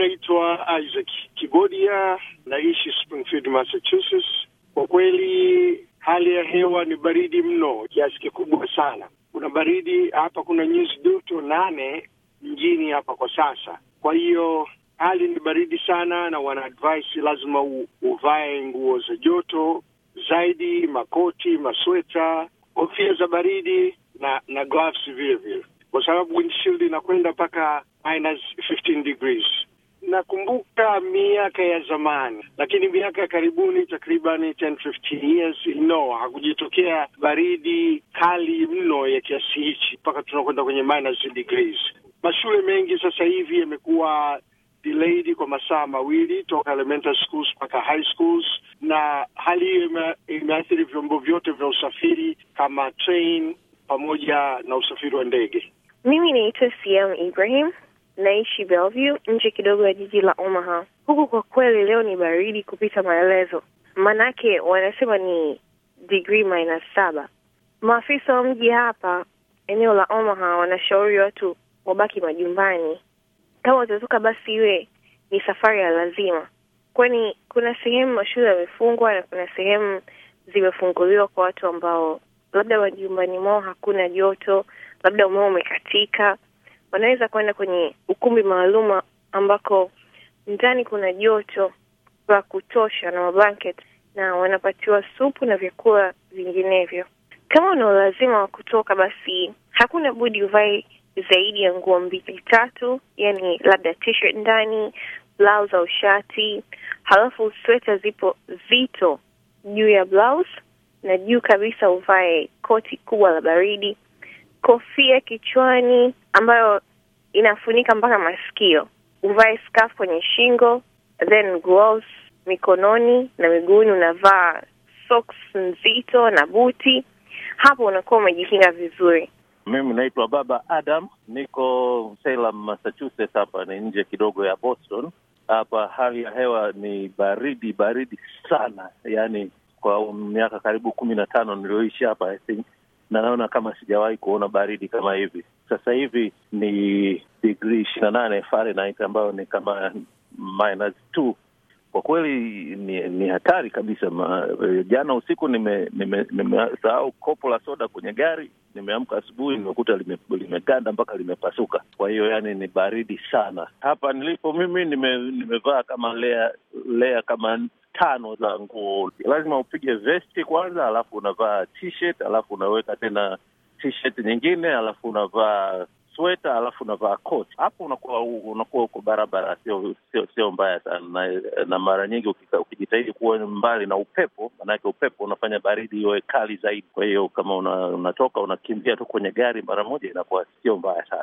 naitwa Isaac Kigodia, naishi Springfield, Massachusetts. Kwa kweli hali ya hewa ni baridi mno kiasi kikubwa sana. Kuna baridi hapa, kuna nyuzi joto nane mjini hapa kwa sasa. Kwa hiyo hali ni baridi sana, na wana advice lazima u, uvae nguo za joto zaidi, makoti, masweta, kofia za baridi na na gloves vile vile, kwa sababu windshield inakwenda mpaka minus 15 degrees nakumbuka miaka ya zamani, lakini miaka ya karibuni takriban 10, 15 years no, hakujitokea baridi kali mno ya kiasi hichi mpaka tunakwenda kwenye minus degrees. Mashule mengi sasa hivi yamekuwa delayed kwa masaa mawili toka elementary schools mpaka high schools, na hali hiyo imeathiri vyombo vyote vya usafiri kama train pamoja na usafiri wa ndege. Mimi naitwa Siam Ibrahim naishi Bellevue nje kidogo ya jiji la Omaha. Huku kwa kweli leo ni baridi kupita maelezo, manake wanasema ni degree minus saba. Maafisa wa mji hapa eneo la Omaha wanashauri watu wabaki majumbani. Kama watatoka, basi iwe ni safari ya lazima, kwani kuna sehemu mashule yamefungwa na kuna sehemu zimefunguliwa kwa watu ambao labda majumbani mwao hakuna joto, labda umeme umekatika wanaweza kwenda kwenye ukumbi maalum ambako ndani kuna joto la kutosha na mablanketi, na wanapatiwa supu na vyakula vinginevyo. Kama una ulazima wa kutoka, basi hakuna budi uvae zaidi ya nguo mbili tatu, yani labda t-shirt ndani, blouse au shati, halafu sweta zipo zito juu ya blouse, na juu kabisa uvae koti kubwa la baridi kofia kichwani ambayo inafunika mpaka masikio, uvae scarf kwenye shingo, then gloves mikononi na miguuni, unavaa socks nzito na buti. Hapo unakuwa umejikinga vizuri. Mimi naitwa Baba Adam, niko Salem, Massachusetts. Hapa ni nje kidogo ya Boston. Hapa hali ya hewa ni baridi baridi sana, yaani kwa miaka karibu kumi na tano niliyoishi hapa I think na naona kama sijawahi kuona baridi kama hivi. Sasa hivi ni digri ishirini na nane Fahrenheit ambayo ni kama minus two. Kwa kweli ni, ni hatari kabisa ma, eh, jana usiku nimesahau nime, nime kopo la soda kwenye gari, nimeamka asubuhi nimekuta limeganda lime mpaka limepasuka. Kwa hiyo yani ni baridi sana hapa nilipo mimi, nimevaa nime kama lea, lea kama tano za nguo. Lazima upige vesti kwanza, alafu unavaa t-shirt, alafu unaweka tena t-shirt nyingine, alafu unavaa sweta, alafu unavaa koti. Hapo unakuwa unakuwa uko barabara, sio sio sio mbaya sana na, na mara nyingi ukijitahidi kuwa mbali na upepo, maanake upepo unafanya baridi iwe kali zaidi. Kwa hiyo kama una, unatoka unakimbia tu kwenye gari mara moja, inakuwa sio mbaya sana.